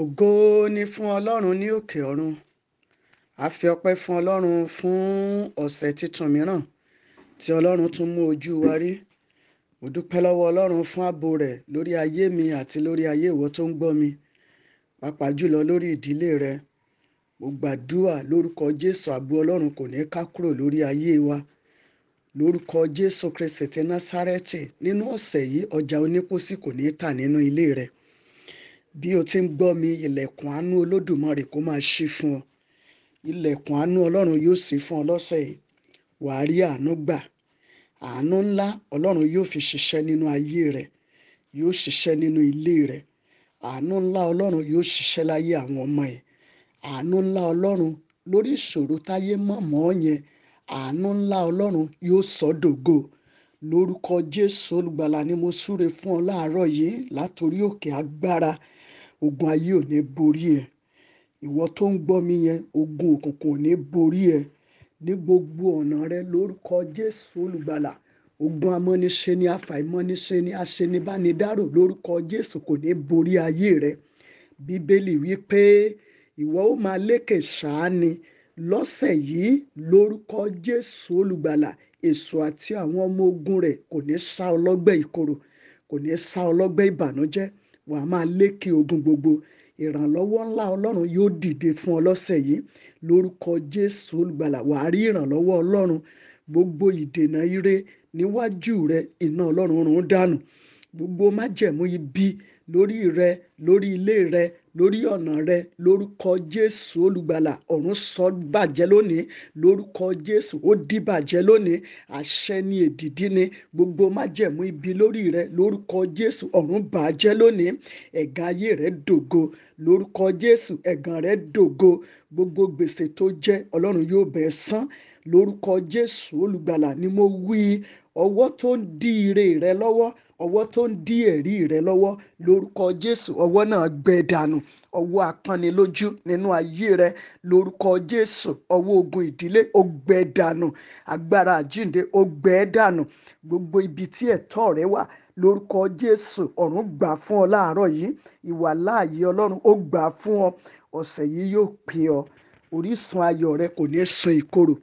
ògo ni fún ọlọ́run ní òkè ọ̀run a fi ọpẹ́ fún ọlọ́run fún ọ̀sẹ̀ tuntun mìíràn tí ọlọ́run tún mú ojú wa rí mo dúpẹ́ lọ́wọ́ ọlọ́run fún ààbò rẹ̀ lórí ayé mi àti lórí ayé ìwọ tó ń gbọ́ mi pàápàá jùlọ lórí ìdílé rẹ mo gbàdúà lórúkọ jésù ààbò ọlọ́run kò ní ká kúrò lórí ayé wa lórúkọ jésù kristi ti násárẹ́tì nínú ọ̀sẹ̀ yìí ọjà onípòsí kò ní tà nínú ilé rẹ bí o ti ń gbọ́ mi ilẹ̀kùn àánú olódùmarè kó máa ṣí fún ọ ilẹ̀kùn àánú ọlọ́run yóò ṣí fún ọ lọ́sẹ̀ yìí wàá rí àánú gbà àánú ńlá ọlọ́run yóò fi ṣiṣẹ́ nínú ayé rẹ yóò ṣiṣẹ́ nínú ilé rẹ àánú ńlá ọlọ́run yóò ṣiṣẹ́ láyé àwọn ọmọ ẹ àánú ńlá ọlọ́run lórí ìṣòro táyé mọ̀mọ́ yẹn àánú ńlá ọlọ́run yóò sọ dògo lórúkọ jésù olùgbàlà ni mo súre fún ọ láàárọ̀ yìí látòrí òkè agbára ogun ayé ò ní borí ẹ ìwọ tó ń gbọ́ mi yẹn ogun òkùnkùn ò ní borí ẹ ní gbogbo ọ̀nà rẹ lórúkọ jésù olùgbàlà ogun amọ́niṣe ni àfàìmọ́niṣe ni aṣenibánidárò lórúkọ jésù kò ní borí ayé rẹ bíbélì wípé ìwọ ó máa lékè ṣáání lọ́sẹ̀ yìí lórúkọ jésù olùgbàlà èṣù àti àwọn ọmọ ogun rẹ̀ kò ní sá ọlọ́gbẹ́ ìkorò kò ní sá ọlọ́gbẹ́ ìbànújẹ́ wàá máa lékè ogun gbogbo ìrànlọ́wọ́ ńlá ọlọ́run yóò dìde fún ọ lọ́sẹ̀ yìí lórúkọ jésù olùgbàlà wàá rí ìrànlọ́wọ́ ọlọ́run gbogbo ìdènà ire níwájú rẹ iná ọlọ́run run dànù gbogbo májẹ̀mú ibi lórí rẹ lórí ilé rẹ lórí ọ̀nà rẹ lórúkọ jésù olùgbàlà ọ̀run sọ bàjẹ́ lónìí lórúkọ jésù ó di bàjẹ́ lónìí àṣẹ ni èdìdí ni gbogbo májẹ̀mú ibi lórí rẹ lórúkọ jésù ọ̀run bàjẹ́ lónìí ẹ̀gàn ayé rẹ dògo lórúkọ jésù ẹ̀gàn rẹ dògo gbogbo gbèsè tó jẹ́ ọlọ́run yóò bẹ̀ san lórúkọ jésù olùgbàlà ni mo wí ọwọ́ tó ń dí ire rẹ lọ́wọ́ ọwọ́ tó ń dí ẹ̀rí rẹ lọ́wọ́ lórúkọ jésù ọwọ́ náà gbẹ dànù ọwọ́ apanilójú nínú ayé rẹ lórúkọ jésù ọwọ́ ogun ìdílé ó gbẹ dànù agbára àjínde ó gbẹ dànù gbogbo ibi tí ẹ̀tọ́ rẹ wà lórúkọ jésù ọ̀run gbà fún ọ láàárọ̀ yìí ìwà láàyè ọlọ́run ó gbà fún ọ ọ̀sẹ̀ yìí yóò pè ọ orísun ayọ̀ rẹ kò ní sun ìkorò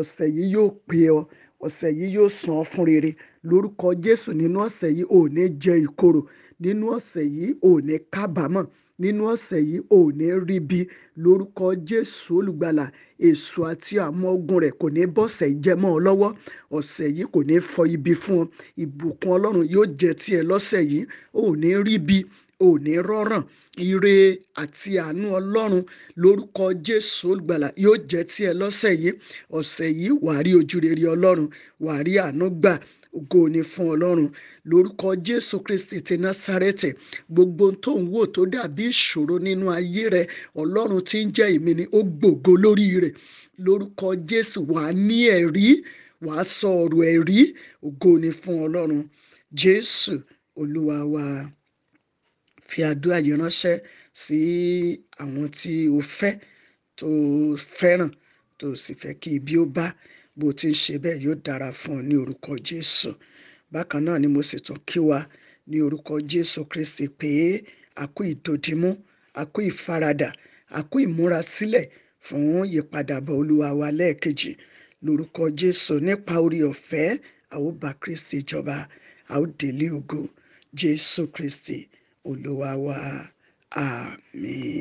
ọ̀sẹ̀ yìí yóò pè ọ́ ọ̀sẹ̀ yìí yóò sàn ọ́ fún rere lórúkọ Jésù nínú ọ̀sẹ̀ yìí ò ní jẹ ìkorò nínú ọ̀sẹ̀ yìí ò ní kábàámọ̀ nínú ọ̀sẹ̀ yìí ò ní rí bí lórúkọ Jésù olùgbàlà èso àti àmọ́ ogun rẹ̀ kò ní bọ́sẹ̀ jẹmọ́ ọ lọ́wọ́ ọ̀sẹ̀ yìí kò ní fọ ibi fún ọ ìbùkún Ọlọ́run yóò jẹ tiẹ̀ lọ́sẹ̀ yìí ò ní rí ò ní ire àti àánú ọlọ́run lórúkọ jésù olùgbàlà yóò jẹ́ tiẹ̀ lọ́sẹ̀ yìí ọ̀sẹ̀ yìí wàá rí ojú rere ọlọ́run wàá rí àánú gbà ògo ni fún ọlọ́run lórúkọ jésù kristi ti násárẹ́tì gbogbo tó ń wò tó dàbí ìṣòro nínú ayé rẹ ọlọ́run tí ń jẹ́ ìmí ni ó gbògo lórí rẹ̀ lórúkọ jésù wàá ní ẹ̀rí wàá sọ ọ̀rọ̀ ẹ̀rí ògo ni fún ọlọ́run jésù olúwa wa fi àdúrà yìí ránṣẹ́ sí àwọn tí o fẹ́ tó fẹ́ràn tó sì fẹ́ kí ibi ó bá bó ti ń ṣe bẹ́ẹ̀ yóò dára fún ọ ní orúkọ Jésù bákan náà ni mo sì tún kí wa ní orúkọ Jésù Kristi pé àkú ìdòdìmú àkú ìfaradà àkú ìmúrasílẹ̀ fún ìyípadàbọ̀ Olúwa wa lẹ́ẹ̀kejì lórúkọ Jésù nípa orí ọ̀fẹ́ a ó bá Kristi jọba a ó Jésù Kristi olúwa wa àmín.